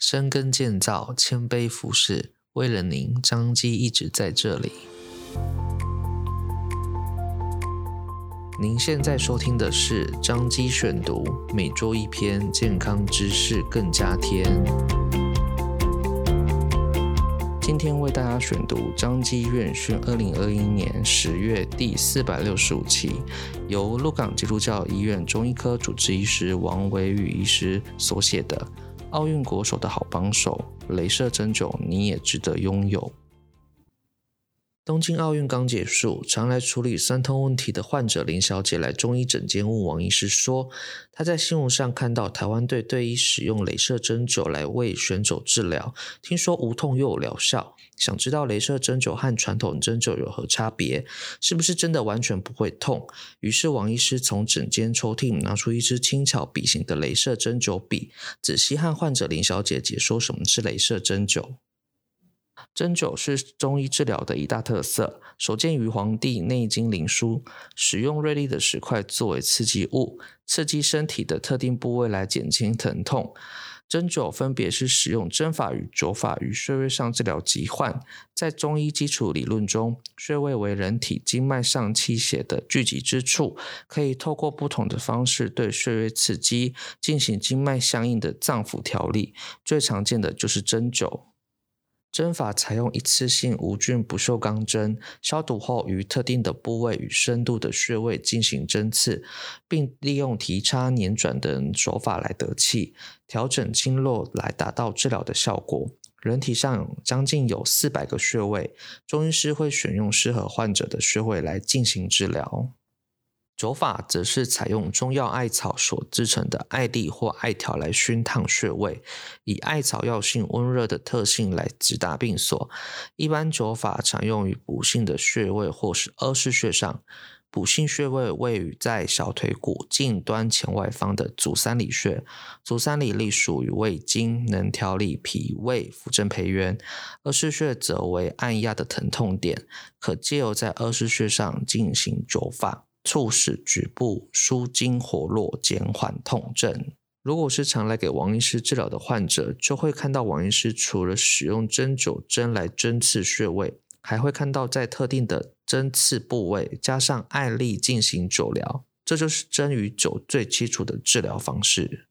深耕建造，謙卑服侍，為了您，彰基一直在這裡。您現在收聽的是彰基選讀，每週一篇健康知識，更加添。今天為大家選讀彰基院訊二零二一年十月第四百六十五期，由鹿港基督教醫院中醫科主治醫師王偉宇醫師所寫的。奧運國手的好幫手，雷射針灸，你也值得擁有。東京奧運剛結束，常來處理痠痛問題的患者林小姐來中醫診間問王醫師說：“她在新聞上看到台灣隊隊醫使用雷射針灸來為選手治療，聽說無痛又有療效，想知道雷射針灸和傳統針灸有何差別，是不是真的完全不會痛？”於是王醫師從診間抽屜拿出一支輕巧筆型的雷射針灸筆，仔細和患者林小姐解說什麼是雷射針灸。針灸是中醫治療的一大特色，首見於《黃帝內經靈樞》，使用銳利的石塊作為刺激物，刺激身體的特定部位來減輕疼痛。針灸分別是使用針法與灸法於穴位上治療疾患。在中醫基礎理論中，穴位為人體經脈上氣血的聚集之處，可以透過不同的方式對穴位刺激，進行經脈相應的臟腑調理。最常見的就是針灸。針法採用一次性無菌不鏽鋼針，消毒後於特定的部位與深度的穴位進行針刺，並利用提插、捻轉等手法來得氣，調整經絡來達到治療的效果。人體上將近有四百個穴位，中醫師會選用適合患者的穴位來進行治療。灸法則是採用中藥艾草所制成的艾粒或艾條來熏燙穴位，以艾草藥性溫熱的特性來直達病所。一般灸法常用於補性的穴位或是阿是穴上。補性穴位位於在小腿骨近端前外方的足三裡穴，足三裡隸屬於胃經，能調理脾胃，扶正培元。阿是穴則為按壓的疼痛點，可借由在阿是穴上進行灸法。促使局部舒筋活絡，減緩痛症。如果是常來給王醫師治療的患者，就會看到王醫師除了使用針灸針來針刺穴位，還會看到在特定的針刺部位加上艾粒進行灸療。這就是針與灸最基礎的治療方式。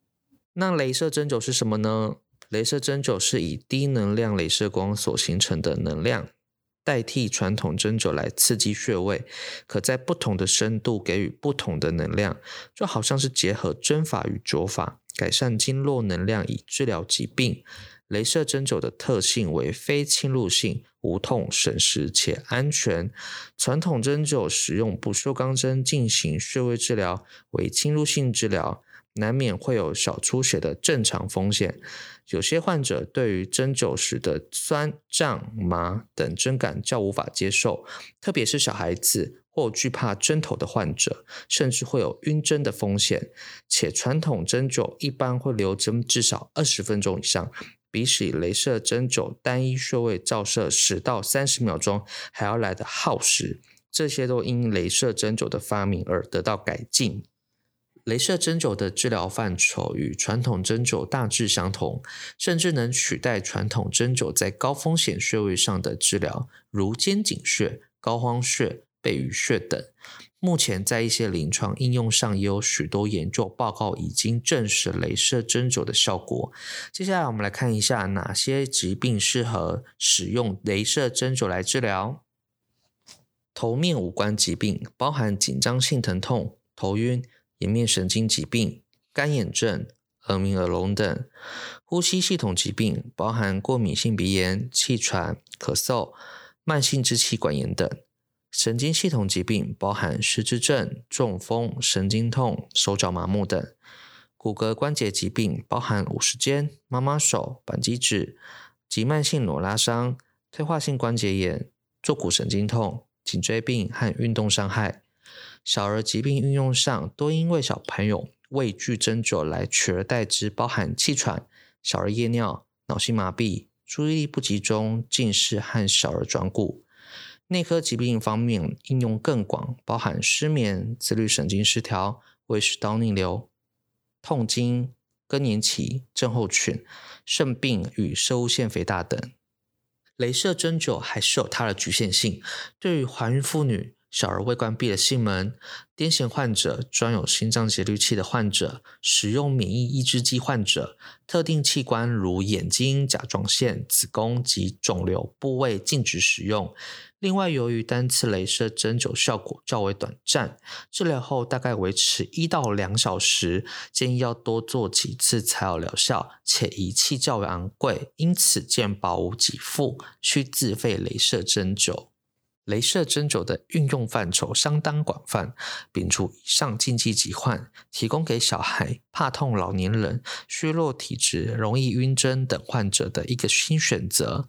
那雷射針灸是什麼呢？雷射針灸是以低能量雷射光所形成的能量。代替傳統針灸來刺激穴位，可在不同的深度給予不同的能量，就好像是結合針法與灸法，改善經絡能量以治療疾病。雷射針灸的特性為非侵入性、無痛、省時且安全。傳統針灸使用不鏽鋼針進行穴位治療，為侵入性治療，難免會有小出血的正常風險。有些患者對於針灸時的酸、脹、麻等針感較無法接受，特別是小孩子或懼怕針頭的患者，甚至會有暈針的風險。且傳統針灸一般會留針至少二十分鐘以上。比起雷射針灸單一穴位照射十到三十秒鐘，還要來得耗時。這些都因雷射針灸的發明而得到改進。雷射針灸的治療範疇與傳統針灸大致相同，甚至能取代傳統針灸在高風險穴位上的治療，如肩井穴、膏肓穴。肺俞穴等，目前在一些臨床應用上也有許多研究報告已經證實雷射針灸的效果。接下來我們來看一下哪些疾病適合使用雷射針灸來治療。頭面五官疾病包含緊張性疼痛、頭暈、顏面神經疾病、乾眼症、耳鳴、耳聾等；呼吸系統疾病包含過敏性鼻炎、氣喘、咳嗽、慢性支氣管炎等。神經系統疾病包含失智症、中風、神經痛、手腳麻木等；骨骼關節疾病包含五十肩、媽媽手、扳機指、急慢性扭拉傷、退化性關節炎、坐骨神經痛、頸椎病和運動傷害。小兒疾病運用上，多因為小朋友畏懼針灸來取而代之，包含氣喘、小兒夜尿、腦性麻痹、注意力不集中、近視和小兒轉骨。內科疾病方面應用更廣，包含失眠、自律神經失調、胃食道逆流、痛經、更年期、症候群、腎病與攝護腺肥大等。雷射針灸還是有它的局限性，對於懷孕婦女、小兒未關閉的囟門、癲癇患者、裝有心臟節律器的患者、使用免疫抑制劑患者、特定器官如眼睛、甲狀腺、子宮及腫瘤部位禁止使用。另外，由於單次雷射針灸效果較為短暫，治療後大概維持一到兩小時，建議要多做幾次才有療效，且儀器較為昂貴，因此健保無給付，需自費雷射針灸。雷射針灸的運用範疇相當廣泛，摒除以上禁忌疾患，提供給小孩、怕痛、老年人、虛弱體質、容易暈針等患者的一個新選擇，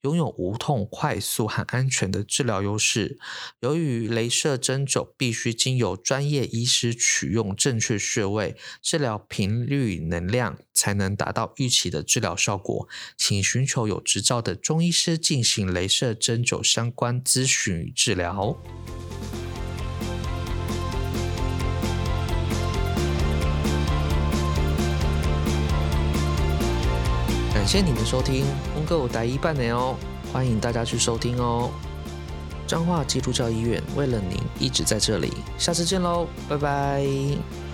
擁有無痛、快速和安全的治療優勢。由於雷射針灸必須經由專業醫師取用正確穴位、治療頻率、能量，才能達到預期的治療效果，請尋求有執照的中醫師進行雷射針灸相關諮詢去治療。感謝您的收聽，峰哥我待一半年哦，歡迎大家去收聽哦。彰化基督教醫院為了您一直在這裡，下次見嘍，拜拜。